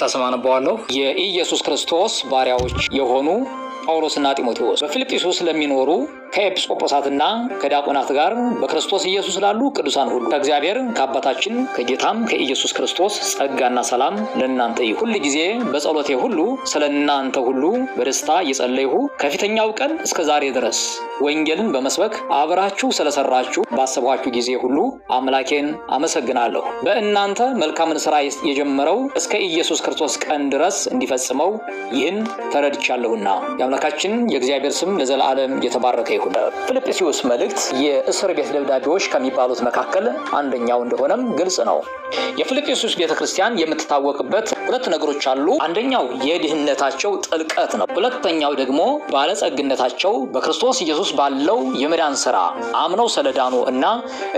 በጌታ ስም የኢየሱስ ክርስቶስ ባሪያዎች የሆኑ ጳውሎስና ጢሞቴዎስ በፊልጵስዩስ ለሚኖሩ ከኤጲስቆጶሳትና ከዲያቆናት ጋር በክርስቶስ ኢየሱስ ላሉ ቅዱሳን ሁሉ ከእግዚአብሔር ከአባታችን ከጌታም ከኢየሱስ ክርስቶስ ጸጋና ሰላም ለእናንተ ይሁን። ሁል ጊዜ በጸሎቴ ሁሉ ስለ እናንተ ሁሉ በደስታ እየጸለይሁ ከፊተኛው ቀን እስከ ዛሬ ድረስ ወንጌልን በመስበክ አብራችሁ ስለሰራችሁ ባሰብኋችሁ ጊዜ ሁሉ አምላኬን አመሰግናለሁ። በእናንተ መልካምን ስራ የጀመረው እስከ ኢየሱስ ክርስቶስ ቀን ድረስ እንዲፈጽመው ይህን ተረድቻለሁና የአምላካችን የእግዚአብሔር ስም ለዘላለም የተባረከ ይሁን። ፊልጵስዩስ መልእክት የእስር ቤት ደብዳቤዎች ከሚባሉት መካከል አንደኛው እንደሆነም ግልጽ ነው። የፊልጵስዩስ ቤተ ክርስቲያን የምትታወቅበት ሁለት ነገሮች አሉ። አንደኛው የድህነታቸው ጥልቀት ነው። ሁለተኛው ደግሞ ባለጸግነታቸው በክርስቶስ ኢየሱስ ባለው የመዳን ስራ አምነው ስለዳኑ እና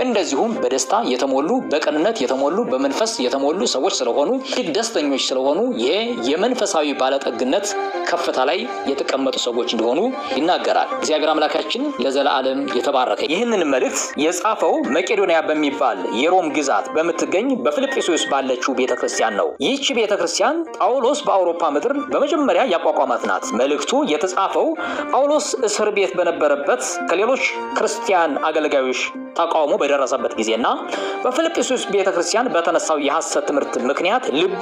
እንደዚሁም በደስታ የተሞሉ በቅንነት የተሞሉ በመንፈስ የተሞሉ ሰዎች ስለሆኑ እጅግ ደስተኞች ስለሆኑ ይሄ የመንፈሳዊ ባለጠግነት ከፍታ ላይ የተቀመጡ ሰዎች እንደሆኑ ይናገራል። እግዚአብሔር አምላካችን አባታችን ለዘላለም የተባረከ። ይህንን መልእክት የጻፈው መቄዶንያ በሚባል የሮም ግዛት በምትገኝ በፊልጵስዩስ ባለችው ቤተ ክርስቲያን ነው። ይህች ቤተ ክርስቲያን ጳውሎስ በአውሮፓ ምድር በመጀመሪያ ያቋቋማት ናት። መልእክቱ የተጻፈው ጳውሎስ እስር ቤት በነበረበት ከሌሎች ክርስቲያን አገልጋዮች ተቃውሞ በደረሰበት ጊዜና በፊልጵስዩስ ቤተ ክርስቲያን በተነሳው የሐሰት ትምህርት ምክንያት ልቡ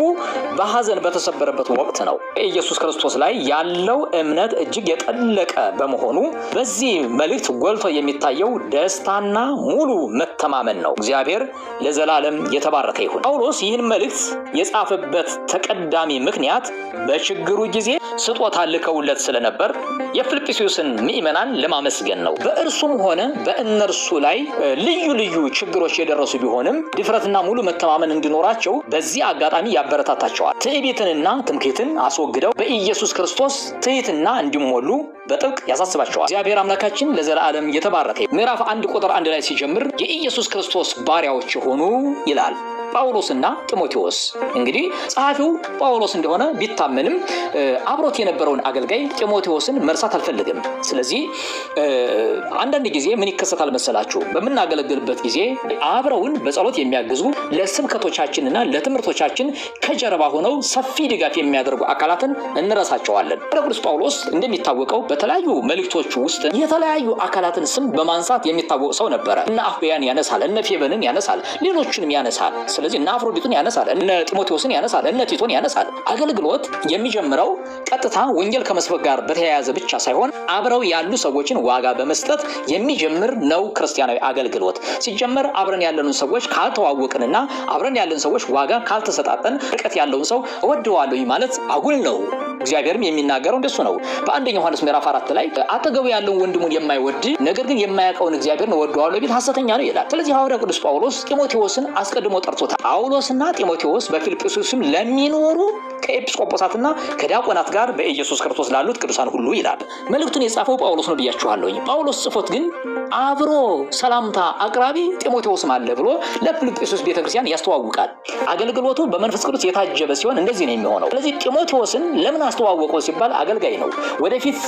በሐዘን በተሰበረበት ወቅት ነው። ኢየሱስ ክርስቶስ ላይ ያለው እምነት እጅግ የጠለቀ በመሆኑ በዚህ መልእክት ጎልቶ የሚታየው ደስታና ሙሉ መተማመን ነው። እግዚአብሔር ለዘላለም የተባረከ ይሁን። ጳውሎስ ይህን መልእክት የጻፈበት ተቀዳሚ ምክንያት በችግሩ ጊዜ ስጦታ ልከውለት ስለነበር የፊልጵስዩስን ምእመናን ለማመስገን ነው። በእርሱም ሆነ በእነርሱ ላይ ልዩ ልዩ ችግሮች የደረሱ ቢሆንም ድፍረትና ሙሉ መተማመን እንዲኖራቸው በዚህ አጋጣሚ ያበረታታቸዋል። ትዕቢትንና ትምክህትን አስወግደው በኢየሱስ ክርስቶስ ትህትና እንዲሞሉ በጥብቅ ያሳስባቸዋል። እግዚአብሔር አምላካችን ለዘላለም የተባረከ። ምዕራፍ አንድ ቁጥር አንድ ላይ ሲጀምር የኢየሱስ ክርስቶስ ባሪያዎች የሆኑ ይላል። ጳውሎስና ጢሞቴዎስ። እንግዲህ ጸሐፊው ጳውሎስ እንደሆነ ቢታመንም አብሮት የነበረውን አገልጋይ ጢሞቴዎስን መርሳት አልፈልግም። ስለዚህ አንዳንድ ጊዜ ምን ይከሰታል መሰላችሁ? በምናገለግልበት ጊዜ አብረውን በጸሎት የሚያግዙ ለስብከቶቻችንና ለትምህርቶቻችን ከጀርባ ሆነው ሰፊ ድጋፍ የሚያደርጉ አካላትን እንረሳቸዋለን። ቅዱስ ጳውሎስ እንደሚታወቀው በተለያዩ መልእክቶቹ ውስጥ የተለያዩ አካላትን ስም በማንሳት የሚታወቅ ሰው ነበረ። እነ አፍያን ያነሳል፣ እነ ፌበንን ያነሳል፣ ሌሎችንም ያነሳል። ስለዚህ እነ አፍሮዲቱን ያነሳል፣ እነ ጢሞቴዎስን ያነሳል፣ እነ ቲቶን ያነሳል። አገልግሎት የሚጀምረው ቀጥታ ወንጌል ከመስበክ ጋር በተያያዘ ብቻ ሳይሆን አብረው ያሉ ሰዎችን ዋጋ በመስጠት የሚጀምር ነው ክርስቲያናዊ አገልግሎት። ሲጀመር አብረን ያለን ሰዎች ካልተዋወቅንና አብረን ያለን ሰዎች ዋጋ ካልተሰጣጠን ርቀት ያለውን ሰው እወደዋለሁ ማለት አጉል ነው። እግዚአብሔርም የሚናገረው እንደሱ ነው። በአንደኛ ዮሐንስ ምዕራፍ አራት ላይ አጠገቡ ያለውን ወንድሙን የማይወድ ነገር ግን የማያውቀውን እግዚአብሔርን እወደዋለሁ ቢል ሐሰተኛ ነው ይላል። ስለዚህ ሐዋርያ ቅዱስ ጳውሎስ ጢሞቴዎስን አስቀድሞ ጠርቶ ጳውሎስና ጢሞቴዎስ በፊልጵስዩስም ለሚኖሩ ከኤጲስቆጶሳትና ከዲያቆናት ጋር በኢየሱስ ክርስቶስ ላሉት ቅዱሳን ሁሉ ይላል። መልእክቱን የጻፈው ጳውሎስ ነው ብያችኋለሁኝ። ጳውሎስ ጽፎት ግን አብሮ ሰላምታ አቅራቢ ጢሞቴዎስም አለ ብሎ ለፊልጵስዩስ ቤተክርስቲያን ያስተዋውቃል። አገልግሎቱ በመንፈስ ቅዱስ የታጀበ ሲሆን እንደዚህ ነው የሚሆነው። ስለዚህ ጢሞቴዎስን ለምን አስተዋወቀው ሲባል አገልጋይ ነው ወደፊት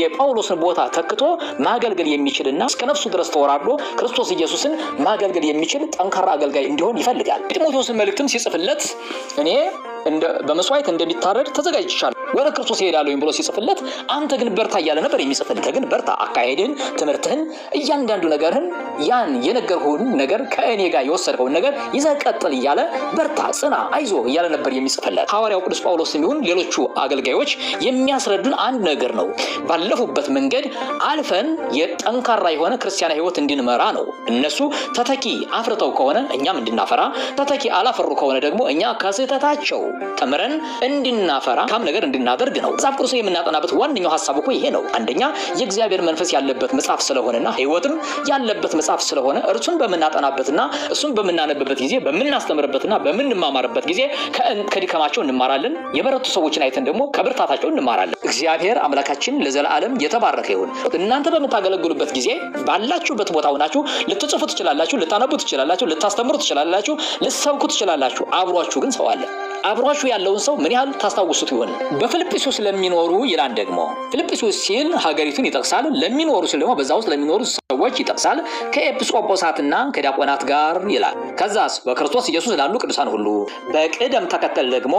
የጳውሎስን ቦታ ተክቶ ማገልገል የሚችልና እስከ ነፍሱ ድረስ ተወራዶ ክርስቶስ ኢየሱስን ማገልገል የሚችል ጠንካራ አገልጋይ እንዲሆን ይፈልጋል። ጢሞቴዎስን መልእክትም ሲጽፍለት እኔ በመስዋዕት እንደሚታረድ ተዘጋጅቻለሁ ወደ ክርስቶስ እሄዳለሁ ብሎ ሲጽፍለት፣ አንተ ግን በርታ እያለ ነበር የሚጽፍልህ። ግን በርታ፣ አካሄድህን፣ ትምህርትህን፣ እያንዳንዱ ነገርህን፣ ያን የነገርሁን ነገር ከእኔ ጋር የወሰድከውን ነገር ይዘህ ቀጥል እያለ በርታ፣ ጽና፣ አይዞ እያለ ነበር የሚጽፍለት። ሐዋርያው ቅዱስ ጳውሎስ የሚሆን ሌሎቹ አገልጋዮች የሚያስረዱን አንድ ነገር ነው። ባለፉበት መንገድ አልፈን የጠንካራ የሆነ ክርስቲያን ህይወት እንድንመራ ነው። እነሱ ተተኪ አፍርተው ከሆነ እኛም እንድናፈራ፣ ተተኪ አላፈሩ ከሆነ ደግሞ እኛ ከስህተታቸው ተምረን እንድናፈራ ካም ነገር እንድና ስለምናደርግ ነው። መጽሐፍ ቅዱስን የምናጠናበት ዋነኛው ሀሳብ እኮ ይሄ ነው። አንደኛ የእግዚአብሔር መንፈስ ያለበት መጽሐፍ ስለሆነና ህይወትም ያለበት መጽሐፍ ስለሆነ እርሱን በምናጠናበትና እሱን በምናነብበት ጊዜ በምናስተምርበትና በምንማማርበት ጊዜ ከድካማቸው እንማራለን። የበረቱ ሰዎችን አይተን ደግሞ ከብርታታቸው እንማራለን። እግዚአብሔር አምላካችን ለዘላለም የተባረከ ይሁን። እናንተ በምታገለግሉበት ጊዜ ባላችሁበት ቦታ ሆናችሁ ልትጽፉ ትችላላችሁ፣ ልታነቡ ትችላላችሁ፣ ልታስተምሩ ትችላላችሁ፣ ልትሰብኩ ትችላላችሁ። አብሯችሁ ግን ሰው አብሯችሁ ያለውን ሰው ምን ያህል ታስታውሱት ይሆን? በፊልጵስዩስ ለሚኖሩ ይላል ደግሞ ፊልጵስዩስ ሲል ሀገሪቱን ይጠቅሳል። ለሚኖሩ ሲል ደግሞ በዛ ውስጥ ለሚኖሩ ሰዎች ይጠቅሳል። ከኤጲስቆጶሳትና ከዲያቆናት ጋር ይላል። ከዛስ በክርስቶስ ኢየሱስ ላሉ ቅዱሳን ሁሉ በቅደም ተከተል ደግሞ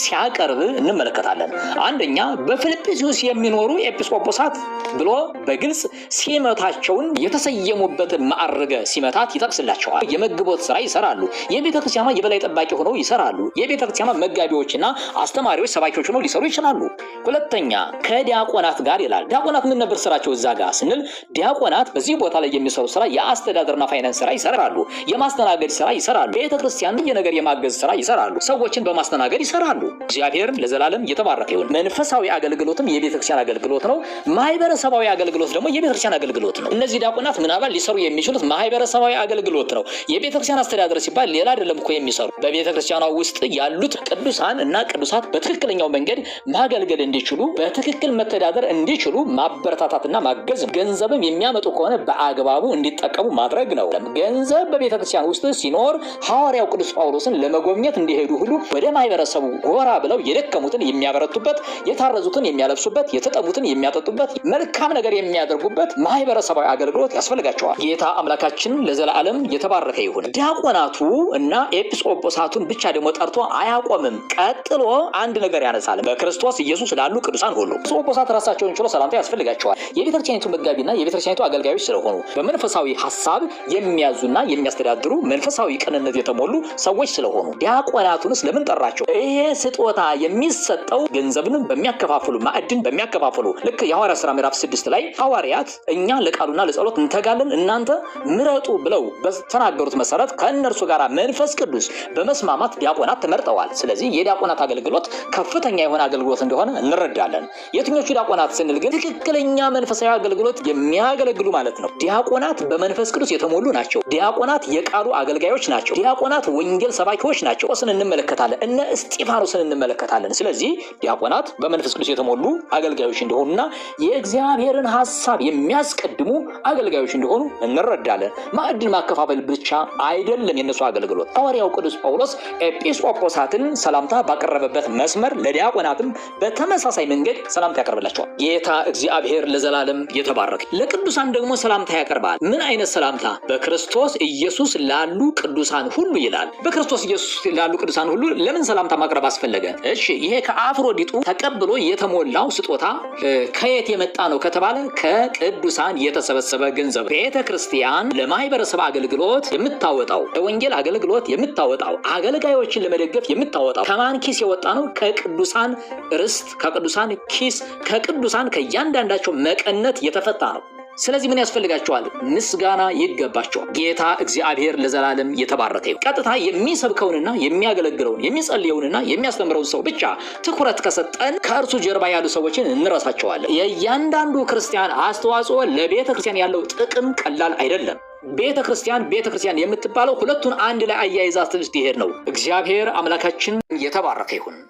ሲያቀርብ እንመለከታለን። አንደኛ በፊልጵስዩስ የሚኖሩ ኤጲስቆጶሳት ብሎ በግልጽ ሲመታቸውን የተሰየሙበትን ማዕረገ ሲመታት ይጠቅስላቸዋል። የመግቦት ስራ ይሰራሉ። የቤተ የበላይ ጠባቂ ሆነው ይሰራሉ። የቤተ መጋቢዎችና አስተማሪዎች፣ ሰባኪዎች ሆነው ሊሰሩ ይችላሉ። ሁለተኛ ከዲያቆናት ጋር ይላል። ዲያቆናት ምን ነበር ስራቸው እዛ ጋር ስንል ዲያቆናት በዚህ እዚህ ቦታ ላይ የሚሰሩ ስራ የአስተዳደርና ፋይናንስ ስራ ይሰራሉ። የማስተናገድ ስራ ይሰራሉ። ቤተክርስቲያን ክርስቲያን የነገር የማገዝ ስራ ይሰራሉ። ሰዎችን በማስተናገድ ይሰራሉ። እግዚአብሔር ለዘላለም እየተባረከ ይሁን። መንፈሳዊ አገልግሎትም የቤተክርስቲያን አገልግሎት ነው። ማህበረሰባዊ አገልግሎት ደግሞ የቤተክርስቲያን አገልግሎት ነው። እነዚህ ዲያቆናት ምናባል ሊሰሩ የሚችሉት ማህበረሰባዊ አገልግሎት ነው። የቤተክርስቲያን አስተዳደር ሲባል ሌላ አይደለም እኮ የሚሰሩ በቤተክርስቲያኗ ውስጥ ያሉት ቅዱሳን እና ቅዱሳት በትክክለኛው መንገድ ማገልገል እንዲችሉ በትክክል መተዳደር እንዲችሉ ማበረታታትና ማገዝ ገንዘብም የሚያመጡ ከሆነ በአግባቡ እንዲጠቀሙ ማድረግ ነው። ገንዘብ በቤተ ክርስቲያን ውስጥ ሲኖር ሐዋርያው ቅዱስ ጳውሎስን ለመጎብኘት እንዲሄዱ ሁሉ ወደ ማህበረሰቡ ጎራ ብለው የደከሙትን የሚያበረቱበት፣ የታረዙትን የሚያለብሱበት፣ የተጠሙትን የሚያጠጡበት፣ መልካም ነገር የሚያደርጉበት ማህበረሰባዊ አገልግሎት ያስፈልጋቸዋል። ጌታ አምላካችን ለዘላለም የተባረከ ይሁን። ዲያቆናቱ እና ኤጲስቆጶሳቱን ብቻ ደግሞ ጠርቶ አያቆምም። ቀጥሎ አንድ ነገር ያነሳል። በክርስቶስ ኢየሱስ ላሉ ቅዱሳን ሁሉ ኤጲስቆጶሳት ራሳቸውን ችሎ ሰላምታ ያስፈልጋቸዋል። የቤተክርስቲያኒቱ መጋቢና የቤተክርስቲያኒቱ አገልጋዮች ሰዎች ስለሆኑ በመንፈሳዊ ሀሳብ የሚያዙና የሚያስተዳድሩ መንፈሳዊ ቅንነት የተሞሉ ሰዎች ስለሆኑ ዲያቆናቱንስ ለምን ጠራቸው? ይሄ ስጦታ የሚሰጠው ገንዘብን በሚያከፋፍሉ ማዕድን በሚያከፋፍሉ ልክ የሐዋርያ ስራ ምዕራፍ ስድስት ላይ ሐዋርያት እኛ ለቃሉና ለጸሎት እንተጋለን እናንተ ምረጡ ብለው በተናገሩት መሰረት ከእነርሱ ጋር መንፈስ ቅዱስ በመስማማት ዲያቆናት ተመርጠዋል። ስለዚህ የዲያቆናት አገልግሎት ከፍተኛ የሆነ አገልግሎት እንደሆነ እንረዳለን። የትኞቹ ዲያቆናት ስንል ግን ትክክለኛ መንፈሳዊ አገልግሎት የሚያገለግሉ ማለት ማለት ነው። ዲያቆናት በመንፈስ ቅዱስ የተሞሉ ናቸው። ዲያቆናት የቃሉ አገልጋዮች ናቸው። ዲያቆናት ወንጌል ሰባኪዎች ናቸው። ስን እንመለከታለን፣ እነ እስጢፋኖስን እንመለከታለን። ስለዚህ ዲያቆናት በመንፈስ ቅዱስ የተሞሉ አገልጋዮች እንደሆኑና የእግዚአብሔርን ሀሳብ የሚያስቀድሙ አገልጋዮች እንደሆኑ እንረዳለን። ማዕድን ማከፋፈል ብቻ አይደለም የእነሱ አገልግሎት። ሐዋርያው ቅዱስ ጳውሎስ ኤጲስቆጶሳትን ሰላምታ ባቀረበበት መስመር ለዲያቆናትም በተመሳሳይ መንገድ ሰላምታ ያቀርብላቸዋል። ጌታ እግዚአብሔር ለዘላለም የተባረክ ለቅዱሳን ደግሞ ሰላምታ ያቀርባል። ምን አይነት ሰላምታ? በክርስቶስ ኢየሱስ ላሉ ቅዱሳን ሁሉ ይላል። በክርስቶስ ኢየሱስ ላሉ ቅዱሳን ሁሉ ለምን ሰላምታ ማቅረብ አስፈለገ? እሺ ይሄ ከአፍሮዲጡ ተቀብሎ የተሞላው ስጦታ ከየት የመጣ ነው ከተባለ ከቅዱሳን የተሰበሰበ ገንዘብ ቤተ ክርስቲያን ለማህበረሰብ አገልግሎት የምታወጣው ለወንጌል አገልግሎት የምታወጣው አገልጋዮችን ለመደገፍ የምታወጣው ከማን ኪስ የወጣ ነው? ከቅዱሳን ርስት፣ ከቅዱሳን ኪስ፣ ከቅዱሳን ከእያንዳንዳቸው መቀነት የተፈታ ነው። ስለዚህ ምን ያስፈልጋቸዋል? ምስጋና ይገባቸዋል። ጌታ እግዚአብሔር ለዘላለም የተባረከ ይሁን። ቀጥታ የሚሰብከውንና የሚያገለግለውን የሚጸልየውንና የሚያስተምረውን ሰው ብቻ ትኩረት ከሰጠን ከእርሱ ጀርባ ያሉ ሰዎችን እንረሳቸዋለን። የእያንዳንዱ ክርስቲያን አስተዋጽኦ ለቤተ ክርስቲያን ያለው ጥቅም ቀላል አይደለም። ቤተ ክርስቲያን ቤተ ክርስቲያን የምትባለው ሁለቱን አንድ ላይ አያይዛ ሄድ ነው። እግዚአብሔር አምላካችን የተባረከ ይሁን።